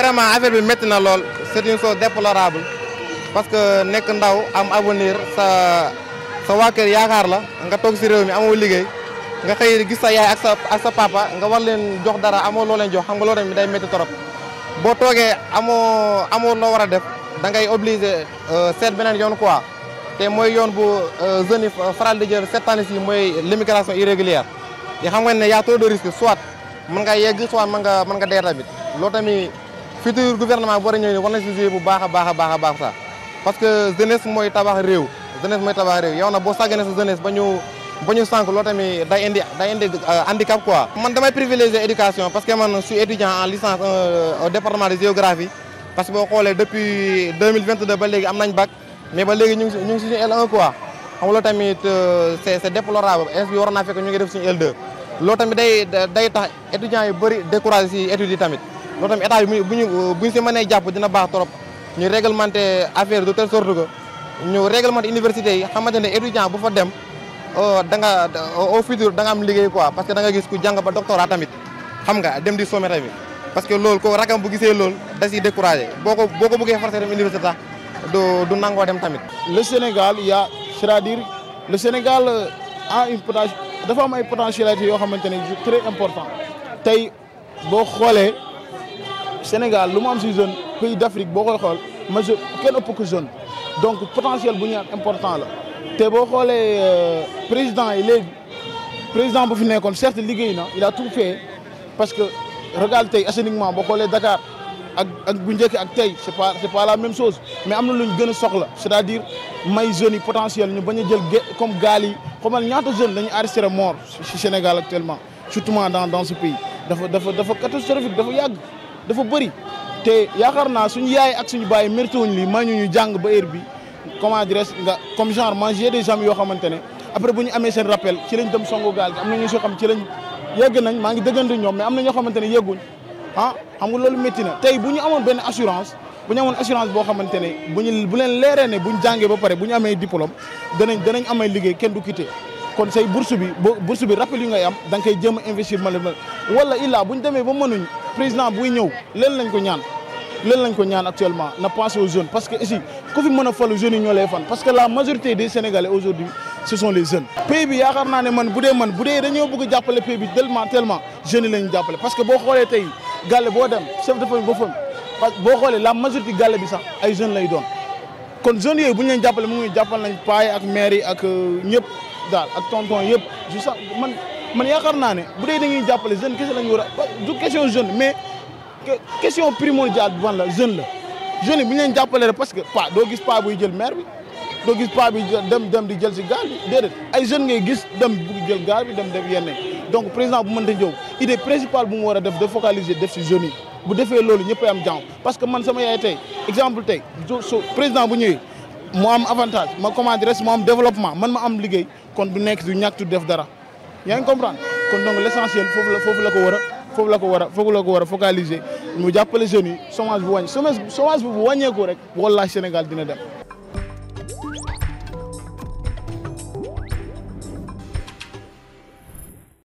vraiment affaire bi métti na lool c'est une chose déplorable parce que nekk ndaw am avenir sa sa yaakaar la nga toog si réew mi amoo liggéey nga xëy gis sa yaay ak sa ak sa papa nga war leen jox dara amoo loo leen jox xam nga loolu tamit day métti trop boo toogee amoo amoo loo war a def da ngay obligé euh, seet beneen yoon quoi te mooy yoon boo euh, jeunes yi faral di jël set ans yi mooy l'immigration irrégulière yi xam nga ne y a trop de risques soit mën nga yegg soit mën nga mën nga dee tamit loolu tamit futur gouvernement bu war a ñëw ne war na si jouer bu baax a baax a baax a baax sax parce que jeunesse mooy tabax réew jeunesse mooy tabax réew yow na boo sàgganee sa jeunesse ba ñu ba ñu sànq loolu tamit day indi indi euh, handicap quoi. man damay privilégier éducation parce que man je suis étudiant en licence euh, au département de géographie parce que boo xoolee depuis 2022 ba léegi am nañ bac mais ba léegi ñu ngi ñu ngi suñu L1 quoi xam nga loolu tamit euh, c'est c'est ngi def suñu L2 loolu tamit day day tax bëri découragé si études tamit. loolu tamit état bi bu ñu bu ñu si mënee jàpp dina baax trop ñu réglementé affaire de telle sorte que ñu réglementé université yi xamante ne étudiant bu fa dem oh, da nga oh, au futur da nga am liggéey quoi parce que da nga gis ku jàng ba doctorat tamit xam nga dem di sommet bi parce que loolu ko rakam bu gisee loolu da siy boo ko boo ko bëggee forcer dem université sax du du nangoo dem tamit. le Sénégal y a c'est-à-dire le Sénégal euh, a une dafa am ay potentialité yoo xamante ne très important tey boo xoolee. Sénégal lu mu si jeune pays d' boo koy xool ma kenn ëpp ko jeune donc potentiel bu ñu important la te boo xoolee euh, président yi léegi président bu fi nekkoon certes liggéey na il a tout fait parce que regarde tey assainissement boo xoolee Dakar ak ak bu njëkk ak tey c' pas la même chose mais am na lu ñu gën a soxla c' est à dire may jeunes yi potentiel ñu bañ a jël comme gaal yi xamal ñaata jeunes dañu arrêté mort si Sénégal actuellement surtout dans dans ce pays dafa dafa dafa catastrophique dafa dafa bëri te yaakaar naa suñu yaay ak suñu baay mérité wuñ lii may ñu ñu jàng ba heure bi comment dirais nga comme genre manger des jams yoo xamante ne après bu ñu amee seen rappel ci lañ dem songu gaal am na ñu soo xam ci lañ nañ maa ngi dëggante ñoom mais am na ñoo xamante ne yegguñ ah xam nga loolu métti tey bu ñu amoon benn assurance bu ñu amoon assurance boo xamante ne bu ñu bu leen leeree bu ñu jàngee ba pare bu ñu amee diplôme danañ danañ amee liggéey kenn du quitté kon say bourse bi bourse bi ngay am da nga koy jëm a investir ma wala illaa bu ñu demee ba mënuñ président buy ñëw leen lañ ko ñaan leen lañ ko ñaan actuellement na pensé aux jeunes parce que ici ku fi mën a falu jeunes yi ñoo lay fan parce que la majorité des sénégalais aujourd'hui ce sont les jeunes pays yaakaar naa ne man bu dee man bu dee dañoo bëgg a jàppale pays bi tellement tellement jeunes yi jàppale parce que boo xoolee tey gàlle boo dem chef de famille ba famille boo xoolee la majorité gàlle bi sax ay jeunes lay doon kon jeunes yooyu bu ñu jàppale mu ngi jàppal ak maire yi ak euh, ñëpp daal ak tonton yëpp juste man man yaakaar naa ne bu dee dañuy jàppale jeune kese la ñu war a du question jeune mais question primordiale jaat ban la jeune la jeune yi bu ñu jàppale rek parce que pa doo gis pa buy jël maire bi doo gis pa bi dem dem di jël si gaal bi déedéet ay jeune ngay gis dem bugg jël gaal bi dem def yenn donc président bu mënta ñëw idée principale bu mu war a def de focaliser def si yi bu defee loolu ñëpp am jàmm parce que man sama tey exemple tey su président bu ñëwee mu am avantage ma commande reste mu am développement man ma am liggéey kon du nekk du ñàkk def dara yaa ngi comprendre kon donc l' essentiel foofu la foofu la ko war a foofu la ko war a foofu la ko war a focaliser mu jàppale jeunes yi chômage bu wàññi chômage bu wàññeeku rek wallaahi Sénégal dina dem